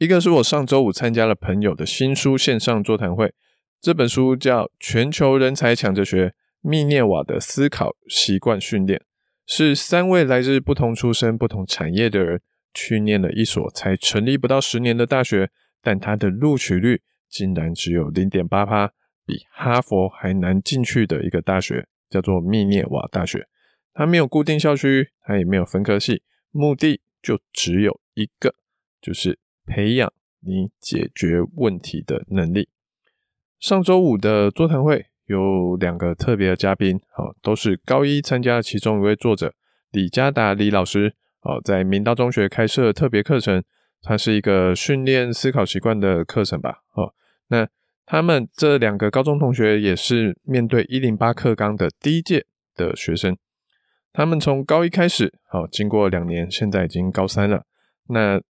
一個是我上周五參加了朋友的新書線上座談會，這本書叫《全球人才搶着學：密涅瓦的思考習慣訓練》，是三位來自不同出身、不同產業的人去念了一所才成立不到十年的大學，但它的錄取率竟然只有零點八趴，比哈佛還難進去的一個大學，叫做密涅瓦大學。它沒有固定校區，它也沒有分科系，目的就只有一個，就是。培養你解決問題的能力。上周五的座談會有兩個特別的嘉賓，哦，都是高一參加。其中一位作者李家達李老師，哦，在明道中學開設特別課程，他是一個訓練思考習慣的課程吧，哦。那他們這兩個高中同學也是面對一零八課綱的第一屆的學生，他們從高一開始，哦，經過兩年，現在已經高三了。那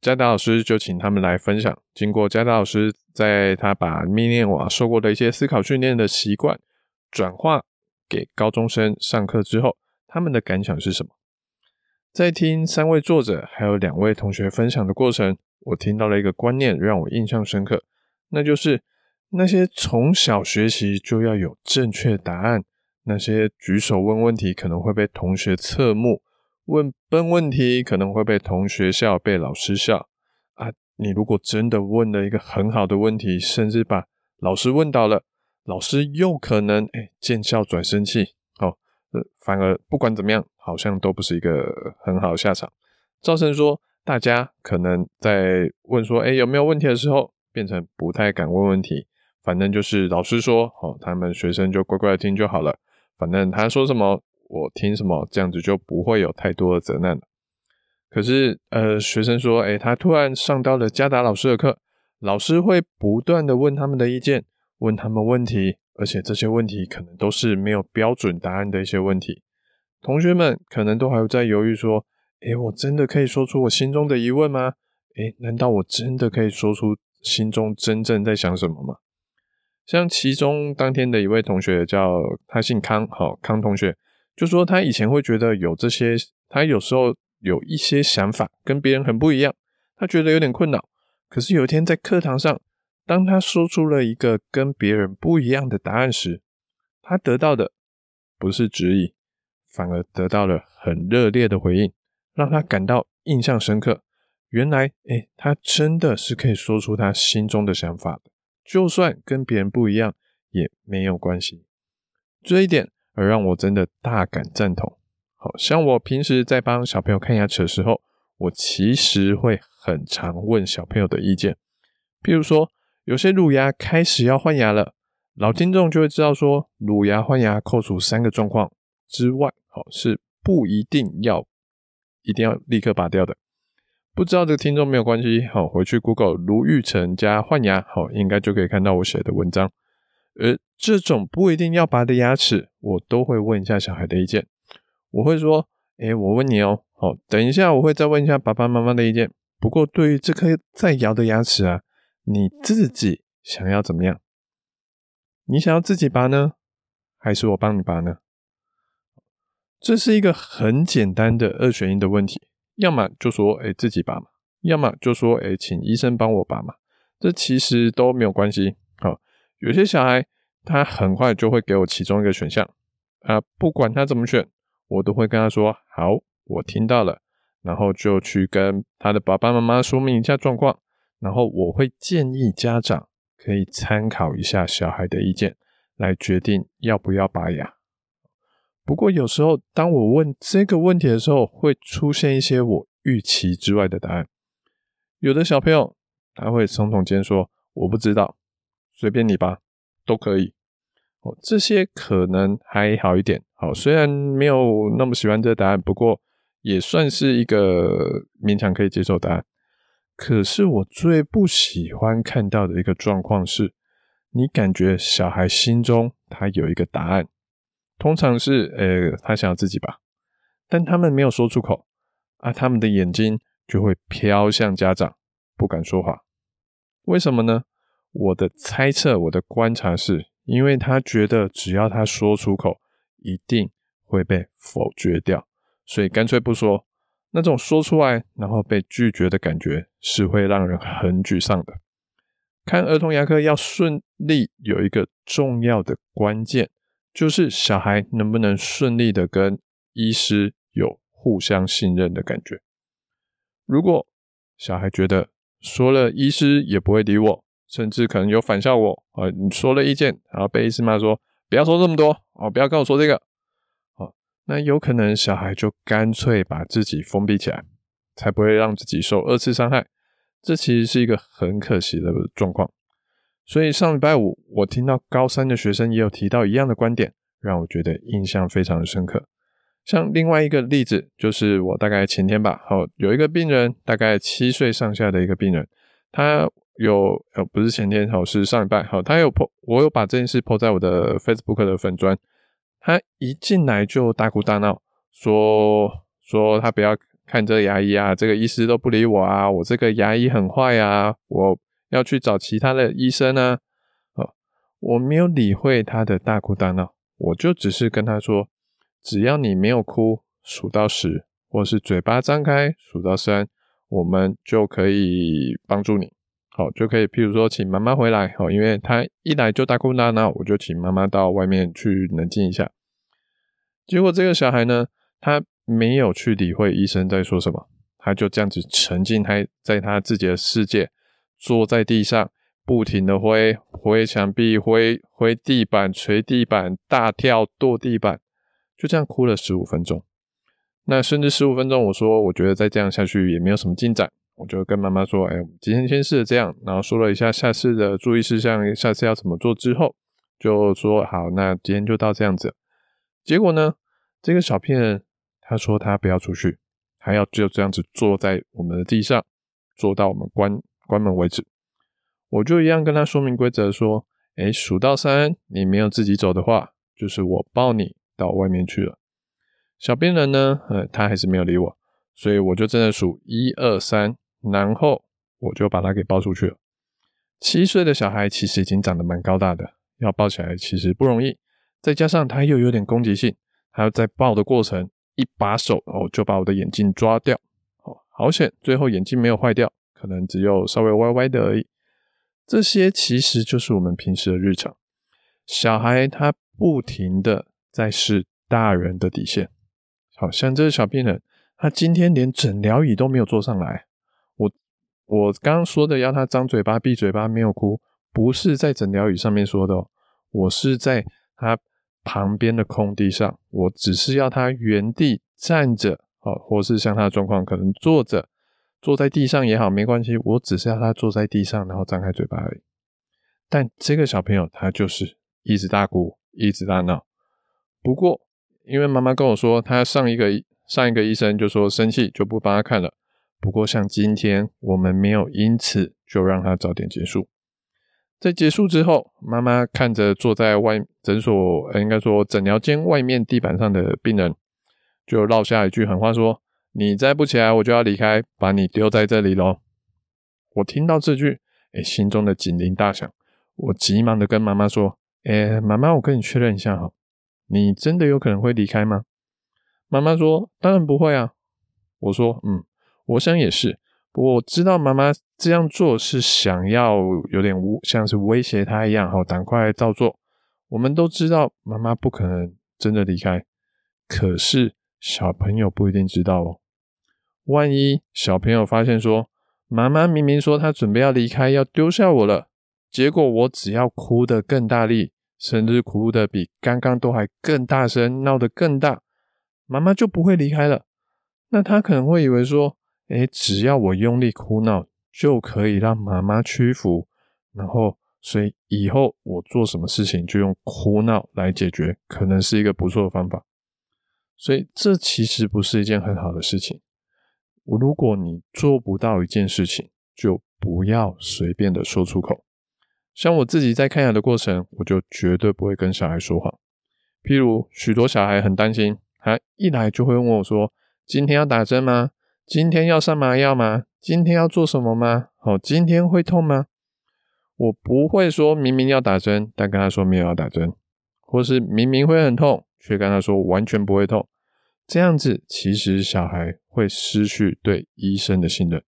佳達老師就請他們來分享。經過佳達老師在他把密涅瓦受過的一些思考訓練的習慣轉化給高中生上課之後，他們的感想是什麼？在聽三位作者還有兩位同學分享的過程，我聽到了一個觀念讓我印象深刻，那就是那些從小學習就要有正確答案，那些舉手問問題可能會被同學側目。問笨問題可能會被同學笑，被老師笑啊！你如果真的問了一個很好的問題，甚至把老師問倒了，老師又可能哎見笑轉生氣哦，呃反而不管怎麼樣，好像都不是一個很好的下場。造成說大家可能在問說哎有沒有問題的時候，變成不太敢問問題，反正就是老師說哦，他們學生就乖乖的聽就好了，反正他說什麼，我聽什麼，這樣子就不會有太多的責難了。可是，呃，學生說，誒、欸，他突然上到了加達老師的課，老師會不斷的問他們的意見，問他們問題，而且這些問題可能都是沒有標準答案的一些問題。同學們可能都還會在猶豫說，誒、欸，我真的可以說出我心中的疑問嗎？誒、欸，難道我真的可以說出心中真正在想什麼嗎？像其中當天的一位同學叫，他姓康，好，康同學。就是、說他以前會覺得有這些，他有時候有一些想法跟別人很不一樣，他覺得有點困擾。可是有一天在課堂上，當他說出了一個跟別人不一樣的答案時，他得到的不是質疑，反而得到了很熱烈的回應，讓他感到印象深刻。原來，誒、欸，他真的是可以說出他心中的想法，就算跟別人不一樣也沒有關係。這一點。而讓我真的大感贊同。好像我平時在幫小朋友看牙齒的時候，我其實會很常問小朋友的意見。譬如說，有些乳牙開始要換牙了，老聽眾就會知道說，乳牙換牙扣除三個狀況之外，好是不一定要，一定要立刻拔掉的。不知道這個聽眾沒有關係，好回去 Google“ 盧玉成加換牙”，好應該就可以看到我寫的文章。而這種不一定要拔的牙齒，我都會問一下小孩的意見。我會說：“誒、欸，我問你哦，好，等一下我會再問一下爸爸媽媽的意見。不過對於這顆在搖的牙齒啊，你自己想要怎麼樣？你想要自己拔呢，還是我幫你拔呢？這是一個很簡單的二選一的問題。要麼就說：誒、欸，自己拔嘛，要麼就說：誒、欸，請醫生幫我拔嘛。這其實都沒有關係。好，有些小孩。他很快就會給我其中一個選項啊，不管他怎麼選，我都會跟他說：“好，我聽到了。”然後就去跟他的爸爸媽媽說明一下狀況。然後我會建議家長可以參考一下小孩的意見，來決定要不要拔牙。不過有時候當我問這個問題的時候，會出現一些我預期之外的答案。有的小朋友他會聳聳肩說：“我不知道，隨便你吧，都可以。”哦，這些可能還好一點。好，雖然沒有那麼喜歡這個答案，不過也算是一個勉強可以接受答案。可是我最不喜歡看到的一個狀況是，你感覺小孩心中他有一個答案，通常是呃、欸、他想要自己吧，但他們沒有說出口啊，他們的眼睛就會飄向家長，不敢說話。為什麼呢？我的猜測，我的觀察是。因為他覺得只要他說出口，一定會被否決掉，所以乾脆不說。那種說出來然後被拒絕的感覺是會讓人很沮喪的。看兒童牙科要順利，有一個重要的關鍵，就是小孩能不能順利的跟醫師有互相信任的感覺。如果小孩覺得說了，醫師也不會理我，甚至可能有反效果啊，呃，你說了意見，然後被醫師罵說：“不要說這麼多哦，不要跟我說這個。”哦，那有可能小孩就乾脆把自己封閉起來，才不會讓自己受二次傷害。這其實是一個很可惜的狀況。所以上禮拜五，我聽到高三的學生也有提到一樣的觀點，讓我覺得印象非常的深刻。像另外一個例子，就是我大概前天吧，哦，有一個病人大概七歲上下的一個病人，他。有呃，不是前天好，是上禮拜好。他有 po，我有把這件事 po 在我的 Facebook 的粉專。他一進來就大哭大鬧，說說他不要看這個牙醫啊，這個醫師都不理我啊，我這個牙醫很壞啊，我要去找其他的醫生啊。哦，我沒有理會他的大哭大鬧，我就只是跟他說，只要你沒有哭，數到十，或是嘴巴張開數到三，我們就可以幫助你。好，就可以。譬如說，請媽媽回來。好，因為她一來就大哭大鬧，我就請媽媽到外面去冷靜一下。結果這個小孩呢，他沒有去理會醫生在說什麼，他就這樣子沉浸他在他自己的世界，坐在地上，不停的揮揮牆壁，揮揮地板，捶地板，大跳跺地板，就這樣哭了十五分鐘。那甚至十五分鐘，我說，我覺得再這樣下去也沒有什麼進展。我就跟媽媽說：“哎、欸，今天先試這樣，然後說了一下下次的注意事項，下次要怎麼做。”之後就說：“好，那今天就到這樣子。”結果呢，這個小病人他說他不要出去，還要就這樣子坐在我們的地上，坐到我們關關門為止。我就一樣跟他說明規則，說：“哎、欸，數到三，你沒有自己走的話，就是我抱你到外面去了。”小病人呢，呃、欸，他還是沒有理我，所以我就正在數一二三。然後我就把他給抱出去了。七歲的小孩其實已經長得蠻高大的，要抱起來其實不容易。再加上他又有點攻擊性，還要在抱的過程，一把手哦就把我的眼鏡抓掉哦，好險，最後眼鏡沒有壞掉，可能只有稍微歪歪的而已。這些其實就是我們平時的日常。小孩他不停地在試大人的底線，好像這個小病人，他今天連診療椅都沒有坐上來。我剛剛說的要他張嘴巴、閉嘴巴，沒有哭，不是在診療椅上面說的，哦，我是在他旁邊的空地上，我只是要他原地站着，好、哦，或是像他的狀況，可能坐着，坐在地上也好，沒關係，我只是要他坐在地上，然後張開嘴巴而已。但這個小朋友他就是一直大哭，一直大鬧。不過，因為媽媽跟我說，他上一個上一個醫生就說生氣就不幫他看了。不過，像今天我們沒有因此就讓它早點結束。在結束之後，媽媽看着坐在外診所，應該說診療間外面地板上的病人，就撂下一句狠話說：“你再不起來，我就要離開，把你丟在這裡嘍。”我聽到這句，哎，心中的警鈴大響。我急忙的跟媽媽說：“哎，媽媽，我跟你確認一下哈，你真的有可能會離開嗎？”媽媽說：“當然不會啊。”我說：“嗯。”我想也是，不過我知道媽媽這樣做是想要有點威，像是威脅他一樣，好趕快照做。我們都知道媽媽不可能真的離開，可是小朋友不一定知道哦。萬一小朋友發現說，媽媽明明說她準備要離開，要丟下我了，結果我只要哭得更大力，甚至哭得比剛剛都還更大聲，鬧得更大，媽媽就不會離開了。那他可能會以為說，哎，只要我用力哭鬧，就可以讓媽媽屈服。然後，所以以後我做什麼事情就用哭鬧來解決，可能是一個不錯的方法。所以，這其實不是一件很好的事情。我如果你做不到一件事情，就不要隨便的說出口。像我自己在看牙的過程，我就絕對不會跟小孩說謊。譬如許多小孩很擔心，他一來就會問我說：“今天要打針嗎？”今天要上麻藥嗎？今天要做什麼嗎？哦，今天會痛嗎？我不會說，明明要打針，但跟他說沒有要打針，或是明明會很痛，卻跟他說完全不會痛，這樣子其實小孩會失去對醫生的信任。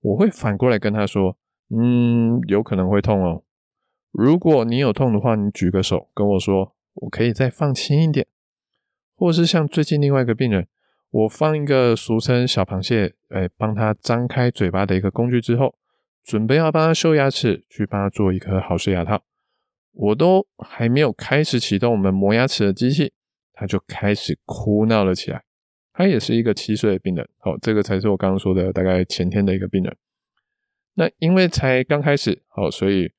我會反過來跟他說，嗯，有可能會痛哦。如果你有痛的話，你舉個手跟我說，我可以再放輕一點，或是像最近另外一個病人。我放一個俗稱小螃蟹，哎，幫他張開嘴巴的一個工具之後，準備要幫他修牙齒，去幫他做一顆豪式牙套。我都還沒有開始啟動我們磨牙齒的機器，他就開始哭鬧了起來。他也是一個七歲的病人。好，這個才是我剛剛說的，大概前天的一個病人。那因為才剛開始，好，所以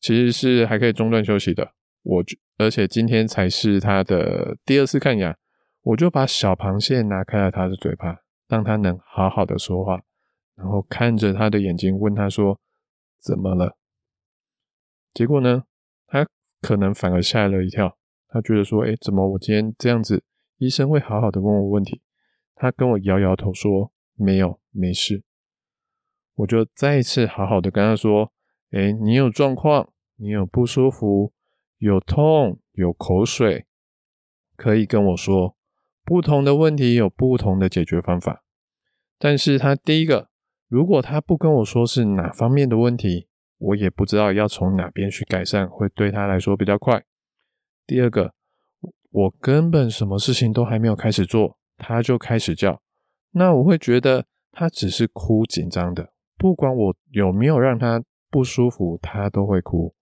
其實是還可以中斷休息的。我，而且今天才是他的第二次看牙。我就把小螃蟹拿開了他的嘴巴，讓他能好好的說話。然後看着他的眼睛，問他說：“怎麼了？”結果呢，他可能反而嚇了一跳，他覺得說：“哎，怎麼我今天這樣子？醫生會好好的問我問題。”他跟我搖搖頭說：“沒有，沒事。”我就再一次好好的跟他說：“哎，你有狀況，你有不舒服，有痛，有口水，可以跟我說。”不同的問題有不同的解決方法，但是他第一個，如果他不跟我說是哪方面的問題，我也不知道要從哪邊去改善，會對他來說比較快。第二個，我根本什麼事情都還沒有開始做，他就開始叫，那我會覺得他只是哭緊張的，不管我有沒有讓他不舒服，他都會哭。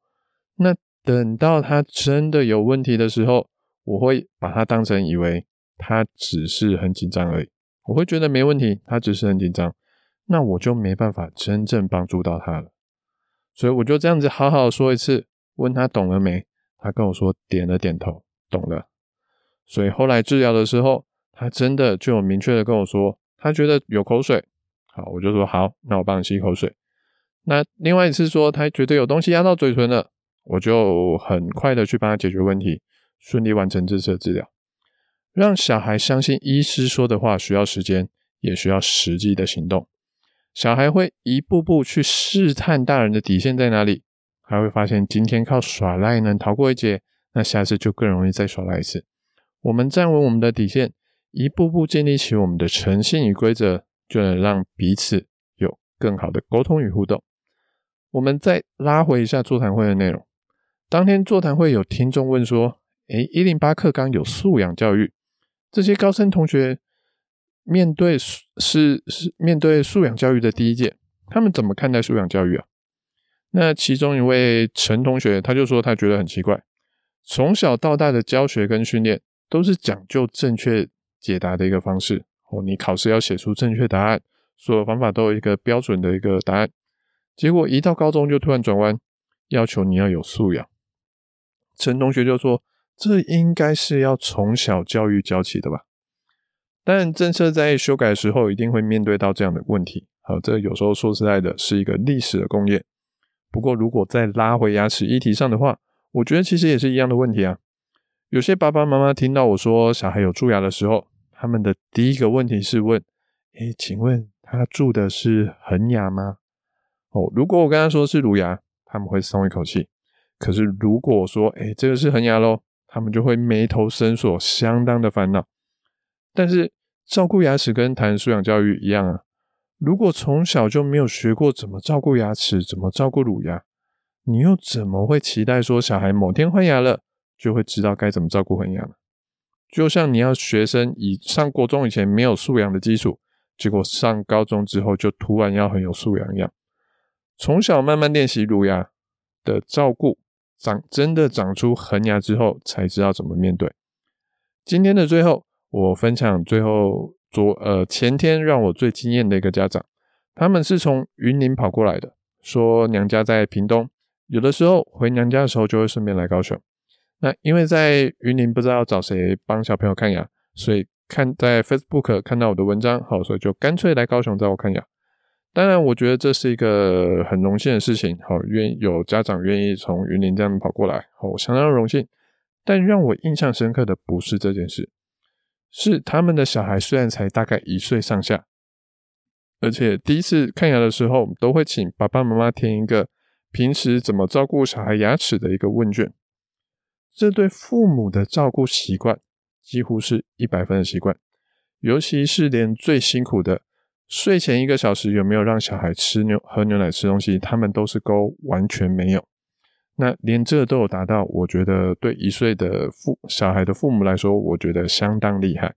那等到他真的有問題的時候，我會把他當成以為。他只是很緊張而已，我會覺得沒問題。他只是很緊張，那我就沒辦法真正幫助到他了。所以我就這樣子好好說一次，問他懂了沒？他跟我說，點了點頭，懂了。所以後來治療的時候，他真的就有明確的跟我說，他覺得有口水。好，我就說好，那我幫你吸口水。那另外一次說他覺得有東西壓到嘴唇了，我就很快的去幫他解決問題，順利完成這次的治療。讓小孩相信醫師說的話需要時間，也需要實際的行動。小孩會一步步去試探大人的底線在哪裡，還會發現今天靠耍賴能逃過一劫，那下次就更容易再耍賴一次。我們站穩我們的底線，一步步建立起我們的誠信與規則，就能讓彼此有更好的溝通與互動。我們再拉回一下座談會的內容，當天座談會有聽眾問說：“誒，108課綱有素養教育。”這些高三同學面對是是是面對素養教育的第一屆，他們怎麼看待素養教育啊？那其中一位陳同學他就說，他覺得很奇怪，從小到大的教學跟訓練都是講究正確解答的一個方式，哦，你考試要寫出正確答案，所有方法都有一個標準的一個答案，結果一到高中就突然轉彎，要求你要有素養。陳同學就說。這應該是要從小教育教起的吧？但政策在修改的時候，一定會面對到這樣的問題。好，這有時候說實在的，是一個歷史的共業。不過，如果再拉回牙齒議題上的話，我覺得其實也是一樣的問題啊。有些爸爸媽媽聽到我說小孩有蛀牙的時候，他們的第一個問題是問：“哎，請問他蛀的是恆牙嗎？”哦，如果我跟他說是乳牙，他們會鬆一口氣。可是如果說：“哎，這個是恆牙嘍。”他們就會眉頭深鎖，相當的煩惱。但是，照顧牙齒跟談素養教育一樣啊。如果從小就沒有學過怎麼照顧牙齒，怎麼照顧乳牙，你又怎麼會期待說小孩某天換牙了就會知道該怎麼照顧恆牙呢？就像你要學生以上國中以前沒有素養的基礎，結果上高中之後就突然要很有素養一樣。從小慢慢練習乳牙的照顧。長真的長出恆牙之後，才知道怎麼面對。今天的最後，我分享最後昨呃，前天讓我最驚豔的一個家長，他們是從雲林跑過來的，說娘家在屏東，有的時候回娘家的時候就會順便來高雄。那因為在雲林不知道找誰幫小朋友看牙，所以看在 Facebook 看到我的文章，好，所以就乾脆來高雄找我看牙。當然，我覺得這是一個很榮幸的事情。好，願有家長願意從雲林這樣跑過來，好，我相當榮幸。但讓我印象深刻的不是這件事，是他們的小孩雖然才大概一歲上下，而且第一次看牙的時候，都會請爸爸媽媽填一個平時怎麼照顧小孩牙齒的一個問卷。這對父母的照顧習慣幾乎是一百分的習慣，尤其是連最辛苦的。睡前一個小時有沒有讓小孩吃牛喝牛奶吃東西？他們都是勾，完全沒有。那連這個都有達到，我覺得對一歲的父小孩的父母來說，我覺得相當厲害。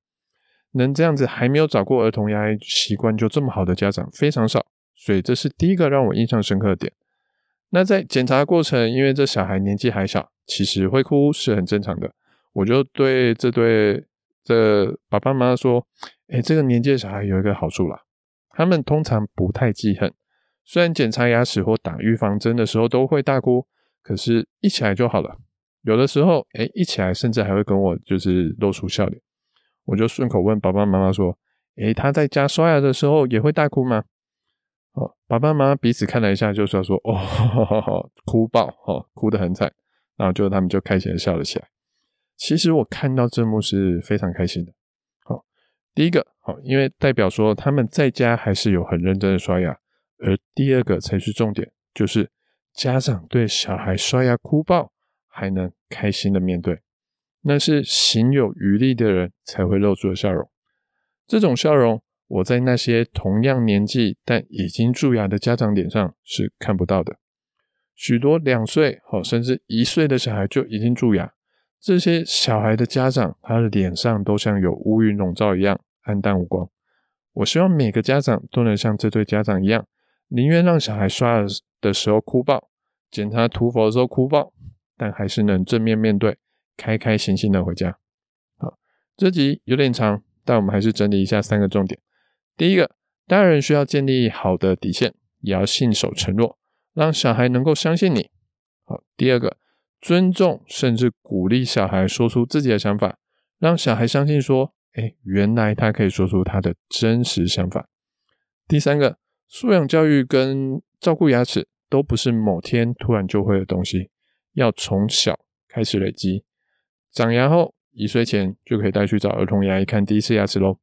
能這樣子還沒有找過兒童牙醫習慣就這麼好的家長非常少，所以這是第一個讓我印象深刻的點。那在檢查過程，因為這小孩年紀還小，其實會哭是很正常的。我就對這對這爸爸媽媽說：“哎、欸，這個年紀的小孩有一個好處啦。”他們通常不太記恨，雖然檢查牙齒或打預防針的時候都會大哭，可是一起來就好了。有的時候，哎，一起來甚至還會跟我就是露出笑臉。我就順口問爸爸媽媽說：“哎，他在家刷牙的時候也會大哭嗎？”哦，爸爸媽媽彼此看了一下，就說，說：“說哦，呵呵呵，哭爆，哦，哭得很慘。”然後就他們就開心的笑了起來。其實我看到這幕是非常開心的。第一個好，因為代表說他們在家還是有很認真的刷牙，而第二個才是重點，就是家長對小孩刷牙哭抱還能開心的面對，那是行有餘力的人才會露出的笑容。這種笑容，我在那些同樣年紀但已經蛀牙的家長臉上是看不到的。許多兩歲好甚至一歲的小孩就已經蛀牙。這些小孩的家長，他的臉上都像有烏雲籠罩一樣，暗淡無光。我希望每個家長都能像這對家長一樣，寧願讓小孩刷的時候哭爆，檢查塗氟的時候哭爆，但還是能正面面對，開開心心的回家。好，這集有點長，但我們還是整理一下三個重點。第一個，大人需要建立好的底線，也要信守承諾，讓小孩能夠相信你。好，第二個，尊重、甚至鼓勵小孩說出自己的想法，讓小孩相信說：“哎，原來他可以說出他的真實想法。”第三個，素養教育跟照顧牙齒都不是某天突然就會的東西，要從小開始累積。長牙後一歲前就可以帶去找兒童牙醫看第一次牙齒嘍。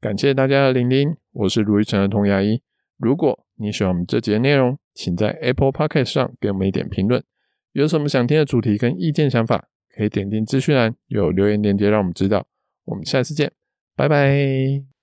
感謝大家的聆聽，我是盧玉成兒童牙醫。如果你喜歡我們這節內容，請在 Apple Podcast 上給我們一點評論。有什麼想聽的主題跟意見想法，可以點進資訊欄，有留言鏈接讓我們知道。我們下次見，拜拜。